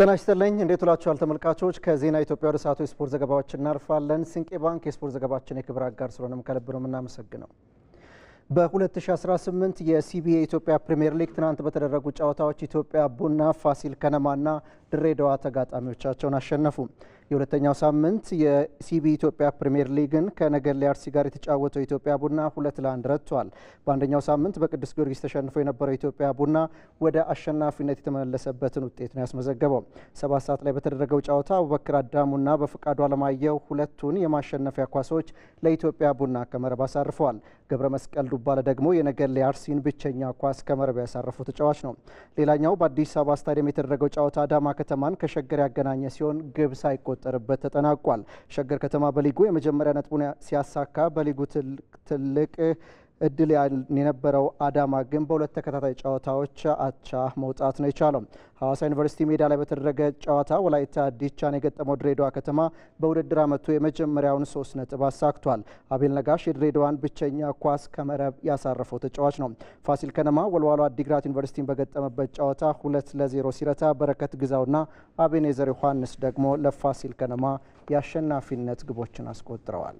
ጤና ይስጥልኝ። እንዴት ውላችኋል ተመልካቾች? ከዜና ኢትዮጵያ ወደ ሰዓቱ የስፖርት ዘገባዎች እናልፋለን። ስንቄ ባንክ የስፖርት ዘገባችን የክብር አጋር ስለሆነም ከልብ ነው የምናመሰግነው። በ2018 የሲቢኤ ኢትዮጵያ ፕሪምየር ሊግ ትናንት በተደረጉ ጨዋታዎች ኢትዮጵያ ቡና፣ ፋሲል ከነማና ድሬዳዋ ተጋጣሚዎቻቸውን አሸነፉ። የሁለተኛው ሳምንት የሲቢ ኢትዮጵያ ፕሪምየር ሊግን ከነገሌ አርሲ ጋር የተጫወተው ኢትዮጵያ ቡና ሁለት ለአንድ ረትቷል። በአንደኛው ሳምንት በቅዱስ ጊዮርጊስ ተሸንፎ የነበረው ኢትዮጵያ ቡና ወደ አሸናፊነት የተመለሰበትን ውጤት ነው ያስመዘገበው። ሰባት ሰዓት ላይ በተደረገው ጨዋታ አቡበክር አዳሙና በፍቃዱ አለማየሁ ሁለቱን የማሸነፊያ ኳሶች ለኢትዮጵያ ቡና ከመረብ አሳርፈዋል። ገብረ መስቀል ዱባለ ደግሞ የነገሌ አርሲን ብቸኛ ኳስ ከመረብ ያሳረፈው ተጫዋች ነው። ሌላኛው በአዲስ አበባ ስታዲየም የተደረገው ጨዋታ አዳማ ከተማን ከሸገር ያገናኘ ሲሆን ግብ ሳይቆጠር ሳይፈጠርበት ተጠናቋል። ሸገር ከተማ በሊጉ የመጀመሪያ ነጥቡን ሲያሳካ በሊጉ ትልቅ እድል የነበረው አዳማ ግን በሁለት ተከታታይ ጨዋታዎች አቻ መውጣት ነው የቻለው። ሐዋሳ ዩኒቨርሲቲ ሜዳ ላይ በተደረገ ጨዋታ ወላይታ ዲቻን የገጠመው ድሬዳዋ ከተማ በውድድር ዓመቱ የመጀመሪያውን ሶስት ነጥብ አሳክቷል። አቤል ነጋሽ የድሬዳዋን ብቸኛ ኳስ ከመረብ ያሳረፈው ተጫዋች ነው። ፋሲል ከነማ ወልዋሎ አዲግራት ዩኒቨርሲቲን በገጠመበት ጨዋታ ሁለት ለዜሮ ሲረታ በረከት ግዛውና አቤኔዘር ዮሐንስ ደግሞ ለፋሲል ከነማ የአሸናፊነት ግቦችን አስቆጥረዋል።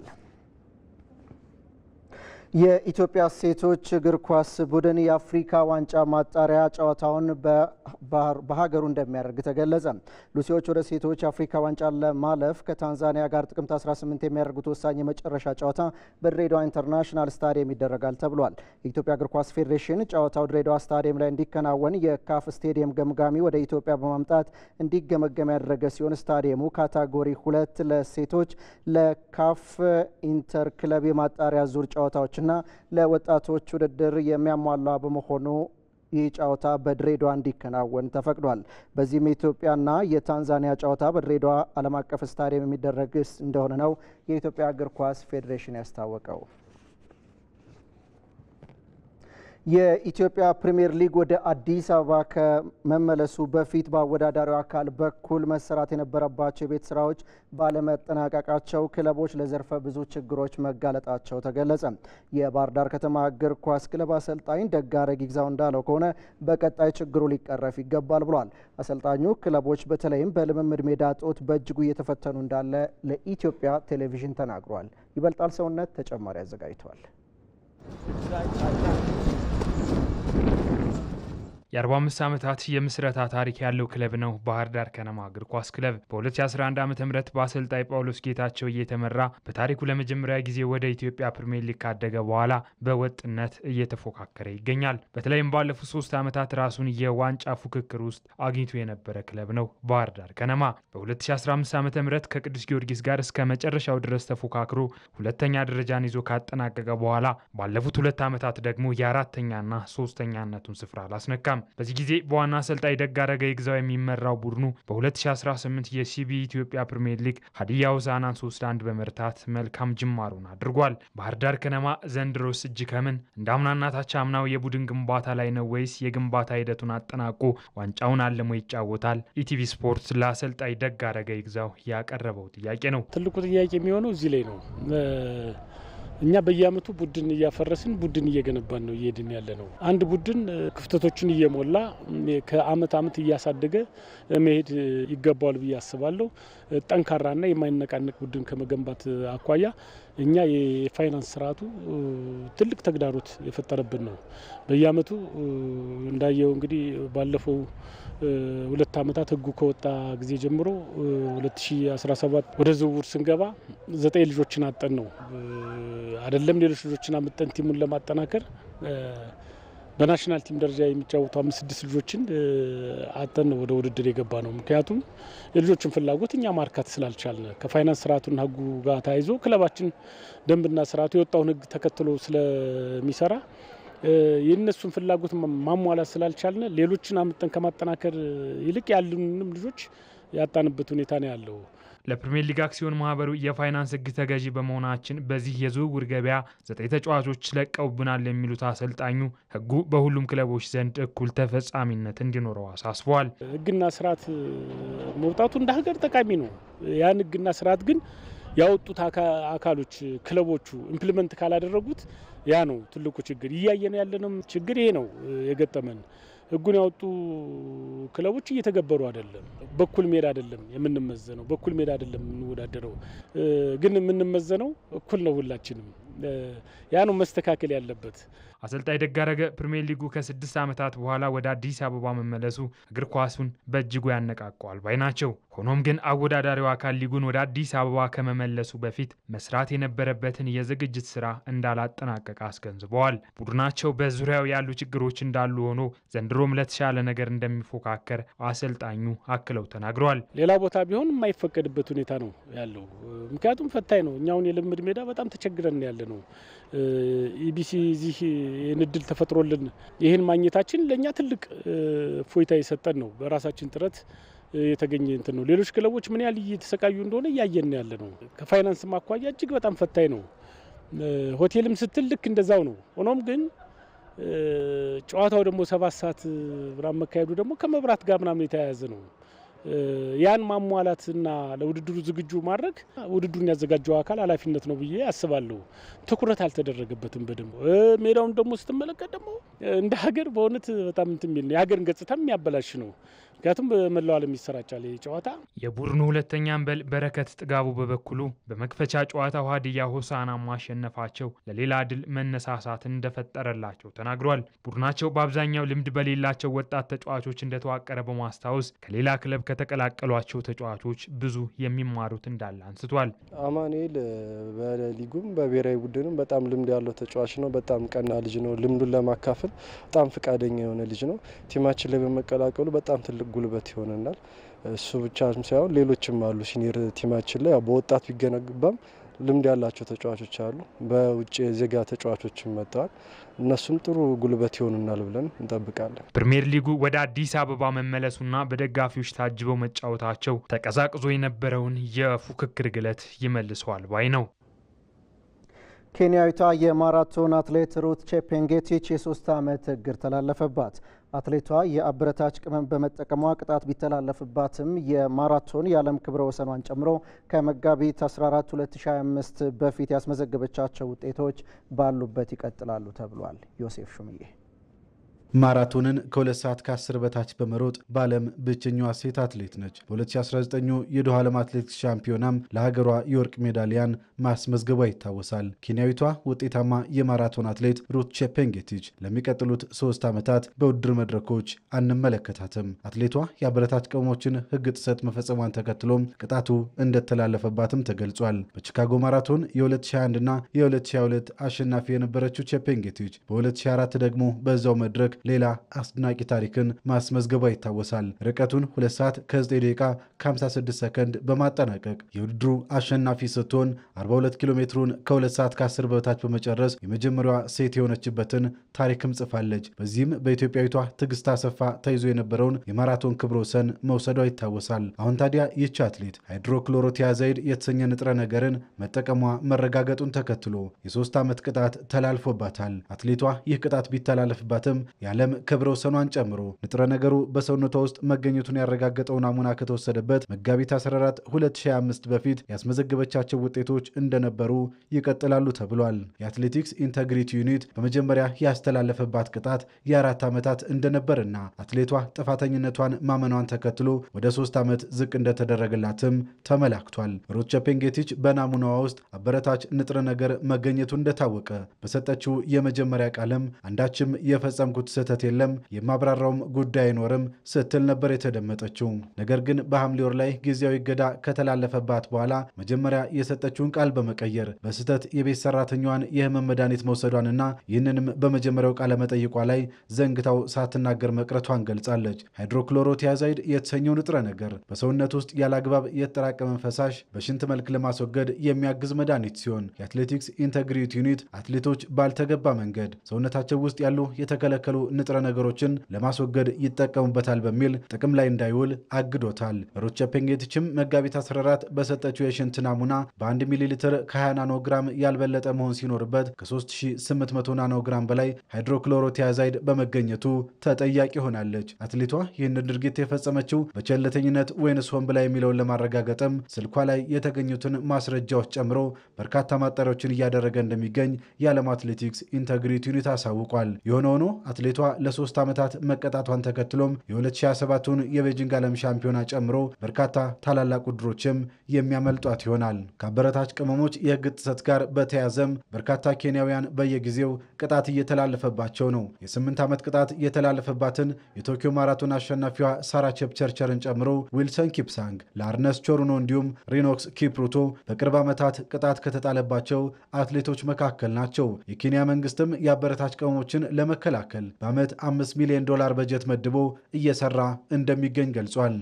የኢትዮጵያ ሴቶች እግር ኳስ ቡድን የአፍሪካ ዋንጫ ማጣሪያ ጨዋታውን በሀገሩ እንደሚያደርግ ተገለጸ። ሉሲዎች ወደ ሴቶች አፍሪካ ዋንጫ ለማለፍ ከታንዛኒያ ጋር ጥቅምት 18 የሚያደርጉት ወሳኝ የመጨረሻ ጨዋታ በድሬዳዋ ኢንተርናሽናል ስታዲየም ይደረጋል ተብሏል። የኢትዮጵያ እግር ኳስ ፌዴሬሽን ጨዋታው ድሬዳዋ ስታዲየም ላይ እንዲከናወን የካፍ ስቴዲየም ገምጋሚ ወደ ኢትዮጵያ በማምጣት እንዲገመገም ያደረገ ሲሆን ስታዲየሙ ካታጎሪ ሁለት ለሴቶች ለካፍ ኢንተር ክለብ የማጣሪያ ዙር ጨዋታዎች ለሴቶችና ለወጣቶች ውድድር የሚያሟላ በመሆኑ ይህ ጨዋታ በድሬዳዋ እንዲከናወን ተፈቅዷል። በዚህም የኢትዮጵያና የታንዛኒያ ጨዋታ በድሬዳዋ ዓለም አቀፍ ስታዲየም የሚደረግ እንደሆነ ነው የኢትዮጵያ እግር ኳስ ፌዴሬሽን ያስታወቀው። የኢትዮጵያ ፕሪምየር ሊግ ወደ አዲስ አበባ ከመመለሱ በፊት በአወዳዳሪው አካል በኩል መሰራት የነበረባቸው የቤት ስራዎች ባለመጠናቀቃቸው ክለቦች ለዘርፈ ብዙ ችግሮች መጋለጣቸው ተገለጸ። የባህር ዳር ከተማ እግር ኳስ ክለብ አሰልጣኝ ደጋረግ ይግዛው እንዳለው ከሆነ በቀጣይ ችግሩ ሊቀረፍ ይገባል ብሏል። አሰልጣኙ ክለቦች በተለይም በልምምድ ሜዳ ጦት በእጅጉ እየተፈተኑ እንዳለ ለኢትዮጵያ ቴሌቪዥን ተናግሯል። ይበልጣል ሰውነት ተጨማሪ አዘጋጅተዋል። የ45 ዓመታት የምስረታ ታሪክ ያለው ክለብ ነው ባህር ዳር ከነማ እግር ኳስ ክለብ። በ2011 ዓ ም በአሰልጣኝ ጳውሎስ ጌታቸው እየተመራ በታሪኩ ለመጀመሪያ ጊዜ ወደ ኢትዮጵያ ፕሪምየር ሊግ ካደገ በኋላ በወጥነት እየተፎካከረ ይገኛል። በተለይም ባለፉት ሶስት ዓመታት ራሱን የዋንጫ ፉክክር ውስጥ አግኝቶ የነበረ ክለብ ነው ባህር ዳር ከነማ። በ2015 ዓ ም ከቅዱስ ጊዮርጊስ ጋር እስከ መጨረሻው ድረስ ተፎካክሮ ሁለተኛ ደረጃን ይዞ ካጠናቀቀ በኋላ ባለፉት ሁለት ዓመታት ደግሞ የአራተኛና ሶስተኛነቱን ስፍራ አላስነካም። በዚህ ጊዜ በዋና አሰልጣኝ ደጋረገ ይግዛው የሚመራው ቡድኑ በ2018 የሲቢ ኢትዮጵያ ፕሪምየር ሊግ ሀዲያ ሆሳዕናን 3 ለ1 በመርታት መልካም ጅማሩን አድርጓል። ባህር ዳር ከነማ ዘንድሮስ እጅ ከምን እንደ አምናና ታች አምናው የቡድን ግንባታ ላይ ነው ወይስ የግንባታ ሂደቱን አጠናቆ ዋንጫውን አልሞ ይጫወታል? ኢቲቪ ስፖርት ለአሰልጣኝ ደጋረገ ይግዛው ያቀረበው ጥያቄ ነው። ትልቁ ጥያቄ የሚሆነው እዚህ ላይ ነው። እኛ በየአመቱ ቡድን እያፈረስን ቡድን እየገነባን ነው እየሄድን ያለ ነው። አንድ ቡድን ክፍተቶችን እየሞላ ከአመት አመት እያሳደገ መሄድ ይገባዋል ብዬ አስባለሁ። ጠንካራና የማይነቃነቅ ቡድን ከመገንባት አኳያ እኛ የፋይናንስ ስርዓቱ ትልቅ ተግዳሮት የፈጠረብን ነው። በየአመቱ እንዳየው እንግዲህ ባለፈው ሁለት አመታት ህጉ ከወጣ ጊዜ ጀምሮ 2017 ወደ ዝውውር ስንገባ ዘጠኝ ልጆችን አጠን ነው አይደለም ሌሎች ልጆችን አምጠን ቲሙን ለማጠናከር በናሽናል ቲም ደረጃ የሚጫወቱ አምስት ስድስት ልጆችን አጠን ወደ ውድድር የገባ ነው። ምክንያቱም የልጆችን ፍላጎት እኛ ማርካት ስላልቻልን ከፋይናንስ ስርዓቱና ህጉ ጋር ተያይዞ ክለባችን ደንብና ስርዓቱ የወጣውን ህግ ተከትሎ ስለሚሰራ የእነሱን ፍላጎት ማሟላት ስላልቻልን ሌሎችን አምጠን ከማጠናከር ይልቅ ያሉንም ልጆች ያጣንበት ሁኔታ ነው ያለው። ለፕሪምየር ሊግ አክሲዮን ማህበሩ የፋይናንስ ህግ ተገዢ በመሆናችን በዚህ የዝውውር ገበያ ዘጠኝ ተጫዋቾች ለቀውብናል የሚሉት አሰልጣኙ ህጉ በሁሉም ክለቦች ዘንድ እኩል ተፈጻሚነት እንዲኖረው አሳስበዋል። ህግና ስርዓት መውጣቱ እንደ ሀገር ጠቃሚ ነው። ያን ህግና ስርዓት ግን ያወጡት አካሎች ክለቦቹ ኢምፕሊመንት ካላደረጉት ያ ነው ትልቁ ችግር። እያየን ያለንም ችግር ይሄ ነው የገጠመን። ህጉን ያወጡ ክለቦች እየተገበሩ አይደለም። በኩል ሜዳ አይደለም የምንመዘነው፣ በኩል ሜዳ አይደለም የምንወዳደረው። ግን የምንመዘነው እኩል ነው ሁላችንም ያ ነው መስተካከል ያለበት። አሰልጣኝ ደጋረገ ፕሪሚየር ሊጉ ከስድስት ዓመታት በኋላ ወደ አዲስ አበባ መመለሱ እግር ኳሱን በእጅጉ ያነቃቀዋል ባይ ናቸው። ሆኖም ግን አወዳዳሪው አካል ሊጉን ወደ አዲስ አበባ ከመመለሱ በፊት መስራት የነበረበትን የዝግጅት ስራ እንዳላጠናቀቀ አስገንዝበዋል። ቡድናቸው በዙሪያው ያሉ ችግሮች እንዳሉ ሆኖ ዘንድሮም ለተሻለ ነገር እንደሚፎካከር አሰልጣኙ አክለው ተናግረዋል። ሌላ ቦታ ቢሆን የማይፈቀድበት ሁኔታ ነው ያለው። ምክንያቱም ፈታኝ ነው። እኛውን የልምድ ሜዳ በጣም ተቸግረን ያለ ነው ነው። ኢቢሲ እዚህ ይህን እድል ተፈጥሮልን ይህን ማግኘታችን ለእኛ ትልቅ ፎይታ የሰጠን ነው። በራሳችን ጥረት የተገኘ እንትን ነው። ሌሎች ክለቦች ምን ያህል እየተሰቃዩ እንደሆነ እያየን ያለ ነው። ከፋይናንስ ማኳያ እጅግ በጣም ፈታኝ ነው። ሆቴልም ስትል ልክ እንደዛው ነው። ሆኖም ግን ጨዋታው ደግሞ ሰባት ሰዓት ምናምን መካሄዱ ደግሞ ከመብራት ጋር ምናምን የተያያዘ ነው። ያን ማሟላትና ለውድድሩ ዝግጁ ማድረግ ውድድሩን ያዘጋጀው አካል ኃላፊነት ነው ብዬ አስባለሁ። ትኩረት አልተደረገበትም በደንብ። ሜዳውን ደግሞ ስትመለከት ደግሞ እንደ ሀገር በእውነት በጣም እንትን የሚል ነው፣ የሀገርን ገጽታ የሚያበላሽ ነው። ምክንያቱም በመላው ዓለም ይሰራጫል ይህ ጨዋታ። የቡድኑ ሁለተኛ አምበል በረከት ጥጋቡ በበኩሉ በመክፈቻ ጨዋታው ሀዲያ ሆሳና ማሸነፋቸው ለሌላ ድል መነሳሳት እንደፈጠረላቸው ተናግሯል። ቡድናቸው በአብዛኛው ልምድ በሌላቸው ወጣት ተጫዋቾች እንደተዋቀረ በማስታወስ ከሌላ ክለብ ከተቀላቀሏቸው ተጫዋቾች ብዙ የሚማሩት እንዳለ አንስቷል። አማኑኤል በሊጉም በብሔራዊ ቡድንም በጣም ልምድ ያለው ተጫዋች ነው። በጣም ቀና ልጅ ነው። ልምዱን ለማካፈል በጣም ፈቃደኛ የሆነ ልጅ ነው። ቲማችን ላይ በመቀላቀሉ በጣም ትልቅ ጉልበት ይሆነናል። እሱ ብቻ ሳይሆን ሌሎችም አሉ ሲኒየር ቲማችን ላይ በወጣት ቢገነባም ልምድ ያላቸው ተጫዋቾች አሉ። በውጭ ዜጋ ተጫዋቾችም መጥተዋል። እነሱም ጥሩ ጉልበት ይሆኑናል ብለን እንጠብቃለን። ፕሪምየር ሊጉ ወደ አዲስ አበባ መመለሱና በደጋፊዎች ታጅበው መጫወታቸው ተቀዛቅዞ የነበረውን የፉክክር ግለት ይመልሰዋል ባይ ነው። ኬንያዊቷ የማራቶን አትሌት ሩት ቼፔንጌቲች የሶስት ዓመት እግር ተላለፈባት። አትሌቷ የአበረታች ቅመም በመጠቀሟ ቅጣት ቢተላለፍባትም የማራቶን የዓለም ክብረ ወሰኗን ጨምሮ ከመጋቢት 14 2025 በፊት ያስመዘገበቻቸው ውጤቶች ባሉበት ይቀጥላሉ ተብሏል። ዮሴፍ ሹምዬ ማራቶንን ከሁለት ሰዓት ከ10 በታች በመሮጥ በዓለም ብቸኛዋ ሴት አትሌት ነች። በ2019 የዶሃ ዓለም አትሌቲክስ ሻምፒዮናም ለሀገሯ የወርቅ ሜዳሊያን ማስመዝገቧ ይታወሳል። ኬንያዊቷ ውጤታማ የማራቶን አትሌት ሩት ቼፔንጌቲች ለሚቀጥሉት ሶስት ዓመታት በውድድር መድረኮች አንመለከታትም። አትሌቷ የአበረታች ቅመሞችን ሕግ ጥሰት መፈጸሟን ተከትሎም ቅጣቱ እንደተላለፈባትም ተገልጿል። በቺካጎ ማራቶን የ2021 እና የ2022 አሸናፊ የነበረችው ቼፔንጌቲች በ2024 ደግሞ በዛው መድረክ ሌላ አስደናቂ ታሪክን ማስመዝገቧ ይታወሳል። ርቀቱን 2 ሰዓት ከ9 ደቂቃ ከ56 ሰከንድ በማጠናቀቅ የውድድሩ አሸናፊ ስትሆን 42 ኪሎ ሜትሩን ከ2 ሰዓት ከ10 በታች በመጨረስ የመጀመሪያዋ ሴት የሆነችበትን ታሪክም ጽፋለች። በዚህም በኢትዮጵያዊቷ ትዕግስት አሰፋ ተይዞ የነበረውን የማራቶን ክብረ ወሰን መውሰዷ ይታወሳል። አሁን ታዲያ ይቺ አትሌት ሃይድሮክሎሮቲያዛይድ የተሰኘ ንጥረ ነገርን መጠቀሟ መረጋገጡን ተከትሎ የሶስት ዓመት ቅጣት ተላልፎባታል። አትሌቷ ይህ ቅጣት ቢተላለፍባትም የዓለም ክብረ ወሰኗን ጨምሮ ንጥረ ነገሩ በሰውነቷ ውስጥ መገኘቱን ያረጋገጠው ናሙና ከተወሰደበት መጋቢት 14 2025 በፊት ያስመዘገበቻቸው ውጤቶች እንደነበሩ ይቀጥላሉ ተብሏል። የአትሌቲክስ ኢንተግሪቲ ዩኒት በመጀመሪያ ያስተላለፈባት ቅጣት የአራት ዓመታት እንደነበርና አትሌቷ ጥፋተኝነቷን ማመኗን ተከትሎ ወደ ሶስት ዓመት ዝቅ እንደተደረገላትም ተመላክቷል። ሩት ፔንጌቲች በናሙናዋ ውስጥ አበረታች ንጥረ ነገር መገኘቱ እንደታወቀ በሰጠችው የመጀመሪያ ቃለም አንዳችም የፈጸምኩት ስህተት የለም የማብራራውም ጉዳይ አይኖርም ስትል ነበር የተደመጠችው። ነገር ግን በሐምሌ ወር ላይ ጊዜያዊ እገዳ ከተላለፈባት በኋላ መጀመሪያ የሰጠችውን ቃል በመቀየር በስህተት የቤት ሰራተኛዋን የህመም መድኃኒት መውሰዷንና ይህንንም በመጀመሪያው ቃለ መጠይቋ ላይ ዘንግታው ሳትናገር መቅረቷን ገልጻለች። ሃይድሮክሎሮቲያዛይድ የተሰኘው ንጥረ ነገር በሰውነት ውስጥ ያለአግባብ የተጠራቀመን ፈሳሽ በሽንት መልክ ለማስወገድ የሚያግዝ መድኃኒት ሲሆን የአትሌቲክስ ኢንተግሪቲ ዩኒት አትሌቶች ባልተገባ መንገድ ሰውነታቸው ውስጥ ያሉ የተከለከሉ ንጥረ ነገሮችን ለማስወገድ ይጠቀሙበታል በሚል ጥቅም ላይ እንዳይውል አግዶታል። ሩቸ ፔንጌትችም መጋቢት 14 በሰጠችው የሽንት ናሙና በ1 ሚሊ ሊትር ከ20 ናኖግራም ግራም ያልበለጠ መሆን ሲኖርበት ከ3800 ናኖግራም በላይ ሃይድሮክሎሮቲያዛይድ በመገኘቱ ተጠያቂ ሆናለች። አትሌቷ ይህንን ድርጊት የፈጸመችው በቸለተኝነት ወይንስ ሆን ብላ የሚለውን ለማረጋገጥም ስልኳ ላይ የተገኙትን ማስረጃዎች ጨምሮ በርካታ ማጣሪያዎችን እያደረገ እንደሚገኝ የዓለም አትሌቲክስ ኢንተግሪቲ ዩኒት አሳውቋል። የሆነ ሆኖ አትሌ ሀገሪቷ ለሶስት ዓመታት መቀጣቷን ተከትሎም የ2027ቱን የቤጂንግ ዓለም ሻምፒዮና ጨምሮ በርካታ ታላላቅ ውድድሮችም የሚያመልጧት ይሆናል። ከአበረታች ቅመሞች የህግ ጥሰት ጋር በተያዘም በርካታ ኬንያውያን በየጊዜው ቅጣት እየተላለፈባቸው ነው። የስምንት ዓመት ቅጣት የተላለፈባትን የቶኪዮ ማራቶን አሸናፊዋ ሳራ ቸፕቸርቸርን ጨምሮ ዊልሰን ኪፕሳንግ፣ ለአርነስ ቾሩኖ እንዲሁም ሪኖክስ ኪፕሩቶ በቅርብ ዓመታት ቅጣት ከተጣለባቸው አትሌቶች መካከል ናቸው። የኬንያ መንግስትም የአበረታች ቅመሞችን ለመከላከል በዓመት አምስት ሚሊዮን ዶላር በጀት መድቦ እየሰራ እንደሚገኝ ገልጿል።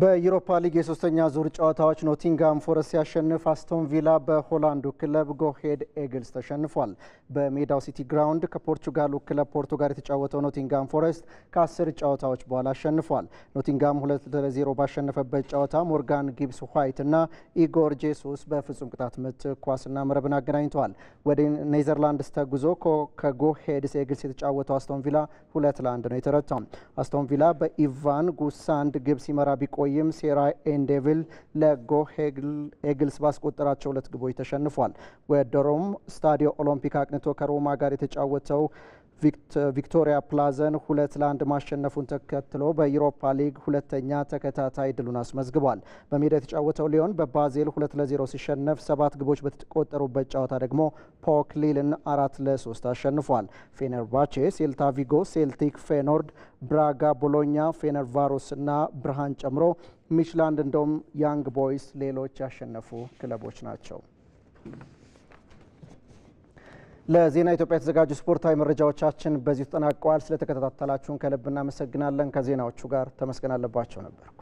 በዩሮፓ ሊግ የሶስተኛ ዙር ጨዋታዎች ኖቲንጋም ፎረስት ሲያሸንፍ አስቶን ቪላ በሆላንዱ ክለብ ጎሄድ ኤግልስ ተሸንፏል። በሜዳው ሲቲ ግራውንድ ከፖርቹጋሉ ክለብ ፖርቶ ጋር የተጫወተው ኖቲንጋም ፎረስት ከአስር ጨዋታዎች በኋላ አሸንፏል። ኖቲንጋም ሁለት ለዜሮ ባሸነፈበት ጨዋታ ሞርጋን ጊብስ ዋይት እና ኢጎር ጄሱስ በፍጹም ቅጣት ምት ኳስና መረብን አገናኝተዋል። ወደ ኔዘርላንድስ ተጉዞ ከጎሄድ ኤግልስ የተጫወተው አስቶን ቪላ ሁለት ለአንድ ነው የተረታው። አስቶን ቪላ በኢቫን ጉሳንድ ግብ ሲመራ ቢቆ ቢቆይም ሴራ ኤንዴቪል ለጎ ኤግልስ ባስቆጠራቸው ሁለት ግቦች ተሸንፏል። ወደ ሮም ስታዲዮ ኦሎምፒክ አቅንቶ ከሮማ ጋር የተጫወተው ቪክቶሪያ ፕላዘን ሁለት ለአንድ ማሸነፉን ተከትሎ በዩሮፓ ሊግ ሁለተኛ ተከታታይ ድሉን አስመዝግቧል። በሜዳ የተጫወተው ሊዮን በባዜል ሁለት ለዜሮ ሲሸነፍ ሰባት ግቦች በተቆጠሩበት ጨዋታ ደግሞ ፖክ ሊልን አራት ለሶስት አሸንፏል። ፌነርባቼ፣ ሴልታ ቪጎ፣ ሴልቲክ፣ ፌኖርድ፣ ብራጋ፣ ቦሎኛ፣ ፌነርቫሮስ እና ብርሃን ጨምሮ ሚችላንድ እንደውም ያንግ ቦይስ ሌሎች ያሸነፉ ክለቦች ናቸው። ለዜና ኢትዮጵያ የተዘጋጁ ስፖርታዊ መረጃዎቻችን በዚህ ተጠናቀዋል። ስለተከታተላችሁን ከልብ እናመሰግናለን። ከዜናዎቹ ጋር ተመስገን አለባቸው ነበርኩ።